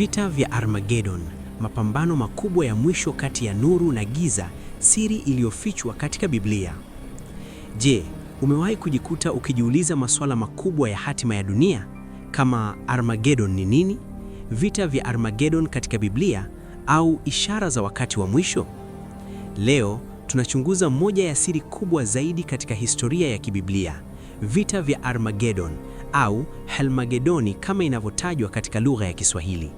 Vita vya Armageddon, mapambano makubwa ya mwisho kati ya nuru na giza, siri iliyofichwa katika Biblia. Je, umewahi kujikuta ukijiuliza masuala makubwa ya hatima ya dunia kama Armageddon ni nini? Vita vya Armageddon katika Biblia au ishara za wakati wa mwisho? Leo tunachunguza moja ya siri kubwa zaidi katika historia ya kibiblia, vita vya Armageddon au Helmagedoni kama inavyotajwa katika lugha ya Kiswahili.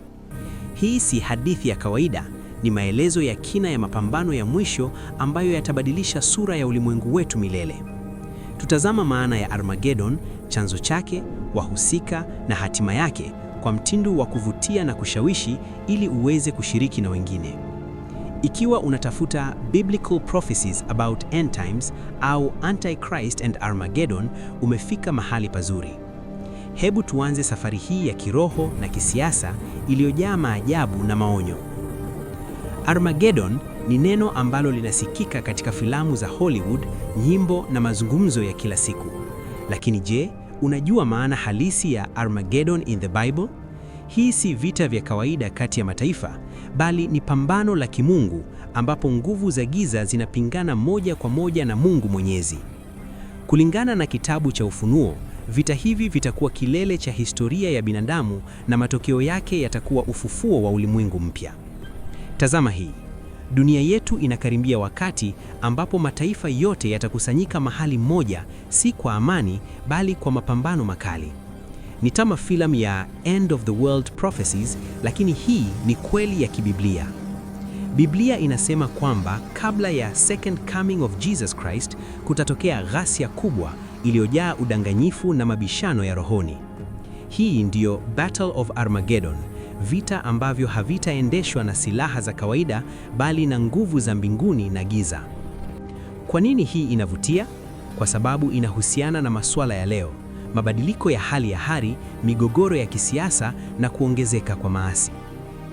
Hii si hadithi ya kawaida, ni maelezo ya kina ya mapambano ya mwisho ambayo yatabadilisha sura ya ulimwengu wetu milele. Tutazama maana ya Armageddon, chanzo chake, wahusika na hatima yake kwa mtindo wa kuvutia na kushawishi ili uweze kushiriki na wengine. Ikiwa unatafuta Biblical prophecies about end times au Antichrist and Armageddon, umefika mahali pazuri. Hebu tuanze safari hii ya kiroho na kisiasa iliyojaa maajabu na maonyo. Armageddon ni neno ambalo linasikika katika filamu za Hollywood, nyimbo na mazungumzo ya kila siku. Lakini je, unajua maana halisi ya Armageddon in the Bible? Hii si vita vya kawaida kati ya mataifa, bali ni pambano la kimungu ambapo nguvu za giza zinapingana moja kwa moja na Mungu Mwenyezi. Kulingana na kitabu cha Ufunuo, Vita hivi vitakuwa kilele cha historia ya binadamu na matokeo yake yatakuwa ufufuo wa ulimwengu mpya. Tazama hii. Dunia yetu inakaribia wakati ambapo mataifa yote yatakusanyika mahali moja, si kwa amani bali kwa mapambano makali. Ni kama filamu ya End of the World Prophecies, lakini hii ni kweli ya kibiblia. Biblia inasema kwamba kabla ya second coming of Jesus Christ kutatokea ghasia kubwa iliyojaa udanganyifu na mabishano ya rohoni. Hii ndiyo Battle of Armageddon, vita ambavyo havitaendeshwa na silaha za kawaida bali na nguvu za mbinguni na giza. Kwa nini hii inavutia? Kwa sababu inahusiana na masuala ya leo, mabadiliko ya hali ya hari, migogoro ya kisiasa na kuongezeka kwa maasi.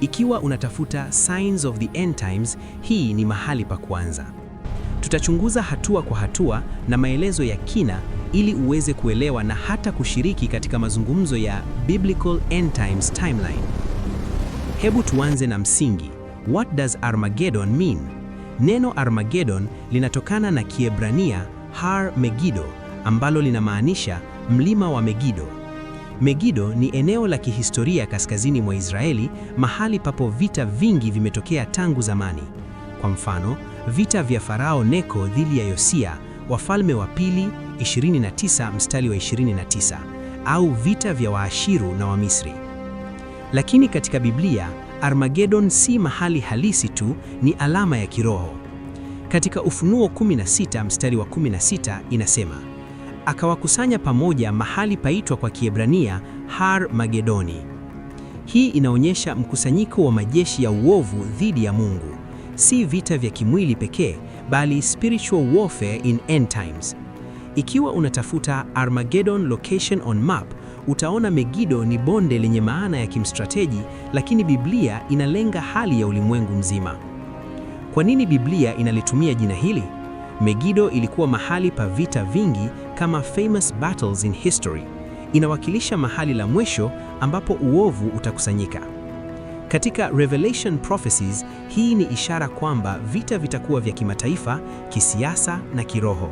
Ikiwa unatafuta signs of the end times, hii ni mahali pa kuanza. Tutachunguza hatua kwa hatua na maelezo ya kina ili uweze kuelewa na hata kushiriki katika mazungumzo ya Biblical End Times Timeline. Hebu tuanze na msingi. What does Armageddon mean? Neno Armageddon linatokana na Kiebrania Har Megido ambalo linamaanisha mlima wa Megido. Megido ni eneo la kihistoria kaskazini mwa Israeli, mahali papo vita vingi vimetokea tangu zamani. Kwa mfano, vita vya Farao Neko dhidi ya Yosia, wafalme wa pili 29 mstari wa 29 au vita vya Waashiru na Wamisri. Lakini katika Biblia, Armageddon si mahali halisi tu, ni alama ya kiroho. Katika Ufunuo 16 mstari wa 16 inasema, akawakusanya pamoja mahali paitwa kwa Kiebrania Har Magedoni. Hii inaonyesha mkusanyiko wa majeshi ya uovu dhidi ya Mungu, si vita vya kimwili pekee, bali spiritual warfare in end times, ikiwa unatafuta Armageddon location on map, utaona Megido ni bonde lenye maana ya kimstrateji, lakini Biblia inalenga hali ya ulimwengu mzima. Kwa nini Biblia inalitumia jina hili? Megido ilikuwa mahali pa vita vingi kama famous battles in history. Inawakilisha mahali la mwisho ambapo uovu utakusanyika. Katika Revelation prophecies, hii ni ishara kwamba vita vitakuwa vya kimataifa, kisiasa na kiroho.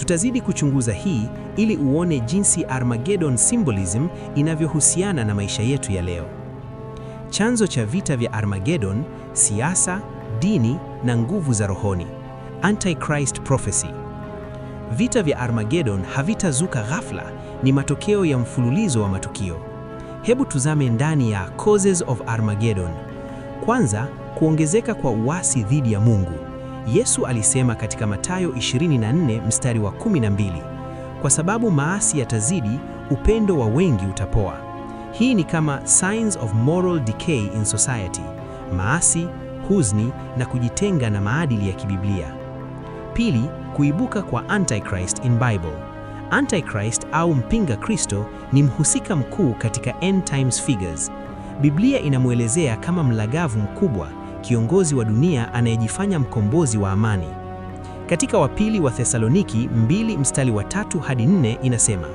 Tutazidi kuchunguza hii ili uone jinsi Armageddon symbolism inavyohusiana na maisha yetu ya leo. Chanzo cha vita vya Armageddon: siasa, dini na nguvu za rohoni. Antichrist prophecy. Vita vya Armageddon havitazuka ghafla, ni matokeo ya mfululizo wa matukio. Hebu tuzame ndani ya causes of Armageddon. Kwanza, kuongezeka kwa uasi dhidi ya Mungu. Yesu alisema katika Mathayo 24 mstari wa 12, kwa sababu maasi yatazidi, upendo wa wengi utapoa. Hii ni kama signs of moral decay in society: maasi, huzni na kujitenga na maadili ya kibiblia. Pili, kuibuka kwa Antichrist in Bible. Antichrist au mpinga Kristo ni mhusika mkuu katika end times figures. Biblia inamwelezea kama mlagavu mkubwa kiongozi wa dunia anayejifanya mkombozi wa amani. Katika wa pili wa Thesaloniki 2 mstari wa tatu hadi 4 inasema,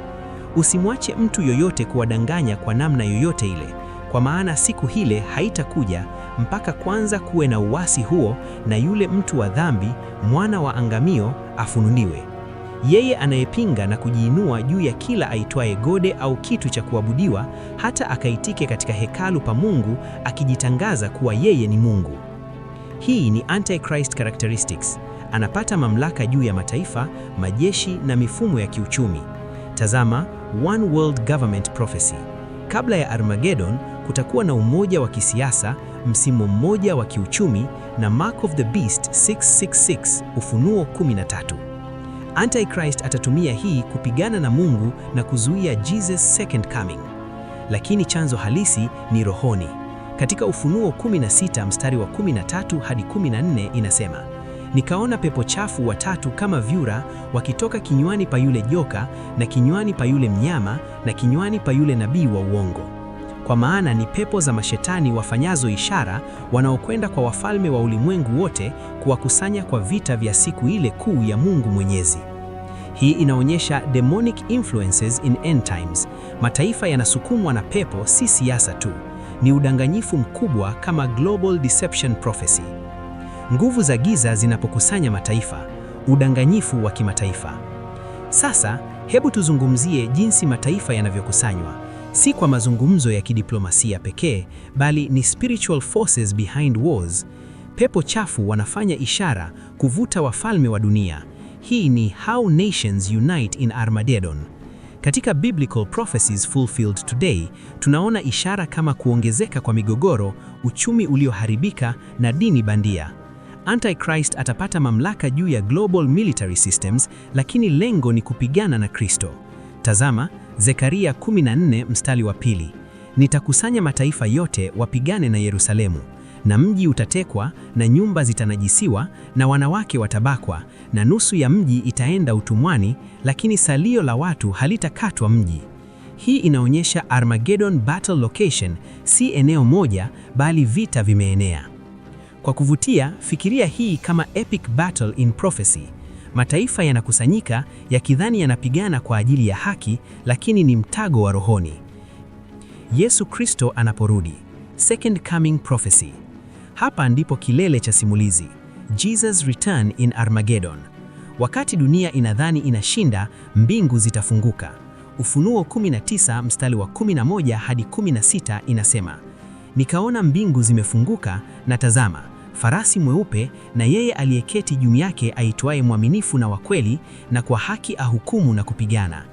usimwache mtu yoyote kuwadanganya kwa namna yoyote ile, kwa maana siku hile haitakuja mpaka kwanza kuwe na uasi huo, na yule mtu wa dhambi, mwana wa angamio, afununiwe yeye anayepinga na kujiinua juu ya kila aitwaye gode au kitu cha kuabudiwa, hata akaitike katika hekalu pa Mungu akijitangaza kuwa yeye ni Mungu. Hii ni Antichrist characteristics. Anapata mamlaka juu ya mataifa, majeshi na mifumo ya kiuchumi. Tazama One World Government Prophecy. Kabla ya Armageddon kutakuwa na umoja wa kisiasa, msimu mmoja wa kiuchumi na Mark of the Beast 666, Ufunuo 13. Antichrist atatumia hii kupigana na Mungu na kuzuia Jesus second coming. Lakini chanzo halisi ni rohoni. Katika Ufunuo 16 mstari wa 13 hadi 14 inasema, nikaona pepo chafu watatu kama vyura wakitoka kinywani pa yule joka na kinywani pa yule mnyama na kinywani pa yule nabii wa uongo kwa maana ni pepo za mashetani wafanyazo ishara, wanaokwenda kwa wafalme wa ulimwengu wote kuwakusanya kwa vita vya siku ile kuu ya Mungu Mwenyezi. Hii inaonyesha demonic influences in end times. Mataifa yanasukumwa na pepo, si siasa tu. Ni udanganyifu mkubwa kama global deception prophecy. Nguvu za giza zinapokusanya mataifa, udanganyifu wa kimataifa. Sasa hebu tuzungumzie jinsi mataifa yanavyokusanywa si kwa mazungumzo ya kidiplomasia pekee, bali ni spiritual forces behind wars. Pepo chafu wanafanya ishara kuvuta wafalme wa dunia. Hii ni how nations unite in Armageddon. Katika biblical prophecies fulfilled today, tunaona ishara kama kuongezeka kwa migogoro, uchumi ulioharibika na dini bandia. Antichrist atapata mamlaka juu ya global military systems, lakini lengo ni kupigana na Kristo. Tazama Zekaria 14 mstari wa pili, nitakusanya mataifa yote wapigane na Yerusalemu, na mji utatekwa na nyumba zitanajisiwa na wanawake watabakwa, na nusu ya mji itaenda utumwani, lakini salio la watu halitakatwa mji. Hii inaonyesha Armageddon battle location si eneo moja, bali vita vimeenea. Kwa kuvutia, fikiria hii kama epic battle in prophecy mataifa yanakusanyika yakidhani yanapigana kwa ajili ya haki, lakini ni mtago wa rohoni. Yesu Kristo anaporudi, second coming prophecy. Hapa ndipo kilele cha simulizi, Jesus return in Armageddon. Wakati dunia inadhani inashinda, mbingu zitafunguka. Ufunuo 19 mstari wa 11 hadi 16 inasema, nikaona mbingu zimefunguka na tazama farasi mweupe na yeye aliyeketi juu yake aitwaye mwaminifu na wakweli na kwa haki ahukumu na kupigana.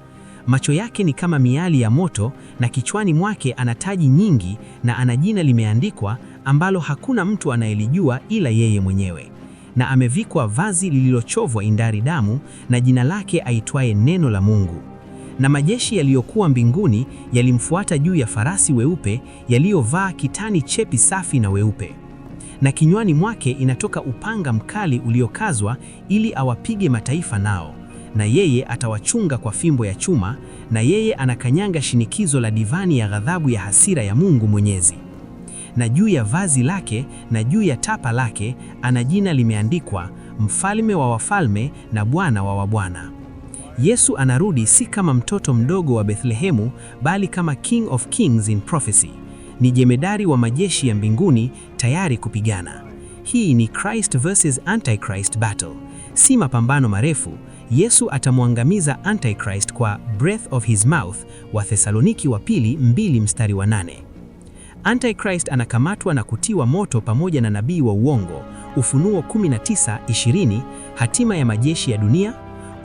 Macho yake ni kama miali ya moto, na kichwani mwake ana taji nyingi, na ana jina limeandikwa ambalo hakuna mtu anayelijua ila yeye mwenyewe, na amevikwa vazi lililochovwa indari damu, na jina lake aitwaye Neno la Mungu. Na majeshi yaliyokuwa mbinguni yalimfuata juu ya farasi weupe, yaliyovaa kitani chepi safi na weupe na kinywani mwake inatoka upanga mkali uliokazwa ili awapige mataifa nao, na yeye atawachunga kwa fimbo ya chuma, na yeye anakanyanga shinikizo la divani ya ghadhabu ya hasira ya Mungu Mwenyezi. Na juu ya vazi lake na juu ya tapa lake ana jina limeandikwa, Mfalme wa wafalme na Bwana wa wabwana. Yesu anarudi si kama mtoto mdogo wa Bethlehemu, bali kama King of Kings in prophecy ni jemedari wa majeshi ya mbinguni tayari kupigana. Hii ni Christ versus Antichrist battle, si mapambano marefu. Yesu atamwangamiza Antichrist kwa breath of his mouth, wa Thesaloniki wa pili mbili mstari wa nane. Antichrist anakamatwa na kutiwa moto pamoja na nabii wa uongo, Ufunuo 19:20, hatima ya majeshi ya dunia.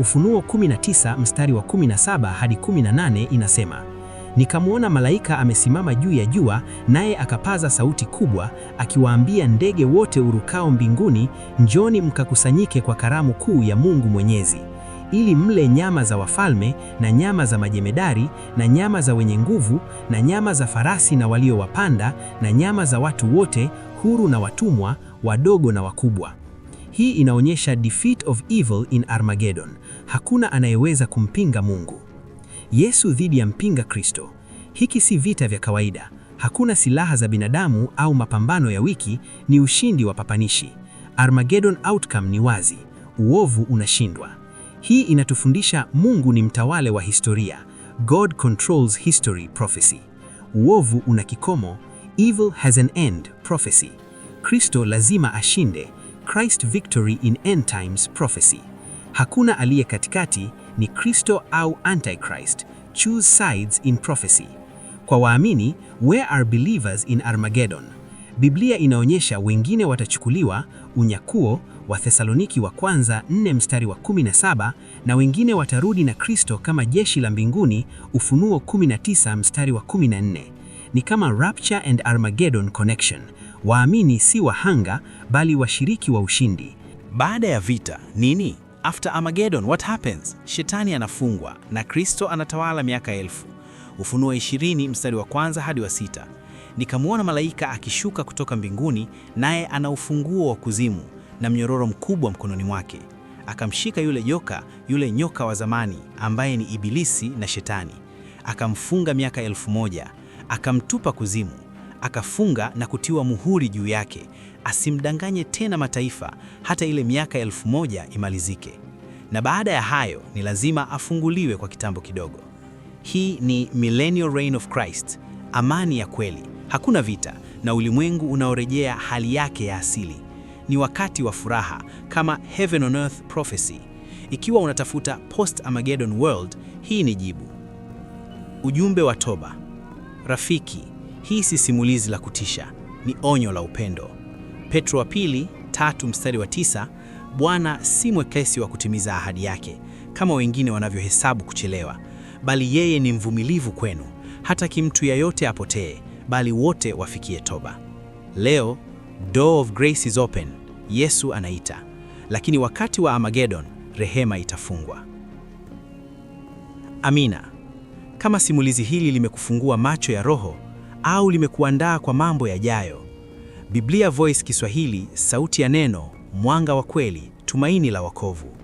Ufunuo 19 mstari wa 17 hadi 18 inasema Nikamwona malaika amesimama juu ya jua, naye akapaza sauti kubwa akiwaambia ndege wote urukao mbinguni, njoni mkakusanyike kwa karamu kuu ya Mungu Mwenyezi, ili mle nyama za wafalme na nyama za majemedari na nyama za wenye nguvu na nyama za farasi na waliowapanda na nyama za watu wote, huru na watumwa, wadogo na wakubwa. Hii inaonyesha defeat of evil in Armageddon. Hakuna anayeweza kumpinga Mungu. Yesu dhidi ya mpinga Kristo. Hiki si vita vya kawaida, hakuna silaha za binadamu au mapambano ya wiki, ni ushindi wa papanishi. Armageddon outcome ni wazi, uovu unashindwa. Hii inatufundisha Mungu ni mtawale wa historia. God controls history prophecy. Uovu una kikomo, evil has an end prophecy. Kristo lazima ashinde, Christ victory in end times prophecy. Hakuna aliye katikati ni Kristo au Antichrist. Choose sides in prophecy. Kwa waamini, where are believers in Armageddon? Biblia inaonyesha wengine watachukuliwa, unyakuo wa Thesaloniki wa kwanza 4 mstari wa 17, na wengine watarudi na Kristo kama jeshi la mbinguni, Ufunuo 19 mstari wa 14. Ni kama Rapture and Armageddon connection. Waamini si wahanga bali washiriki wa ushindi. Baada ya vita nini? After Armageddon, what happens? Shetani anafungwa na Kristo anatawala miaka elfu. Ufunuo 20 mstari wa kwanza hadi wa sita. Nikamwona malaika akishuka kutoka mbinguni, naye ana ufunguo wa kuzimu na mnyororo mkubwa mkononi mwake. Akamshika yule joka, yule nyoka wa zamani ambaye ni Ibilisi na Shetani, akamfunga miaka elfu moja, akamtupa kuzimu akafunga na kutiwa muhuri juu yake, asimdanganye tena mataifa hata ile miaka elfu moja imalizike, na baada ya hayo ni lazima afunguliwe kwa kitambo kidogo. Hii ni millennial reign of Christ, amani ya kweli, hakuna vita na ulimwengu unaorejea hali yake ya asili. Ni wakati wa furaha kama Heaven on Earth Prophecy. Ikiwa unatafuta post Armageddon world, hii ni jibu. Ujumbe wa toba, rafiki hii si simulizi la kutisha, ni onyo la upendo. Petro wa pili tatu mstari wa tisa, Bwana si mwekesi wa kutimiza ahadi yake kama wengine wanavyohesabu kuchelewa, bali yeye ni mvumilivu kwenu, hata mtu yeyote apotee, bali wote wafikie toba. Leo door of grace is open, Yesu anaita, lakini wakati wa Armageddon rehema itafungwa. Amina. Kama simulizi hili limekufungua macho ya roho au limekuandaa kwa mambo yajayo. Biblia Voice Kiswahili, sauti ya neno, mwanga wa kweli, tumaini la wakovu.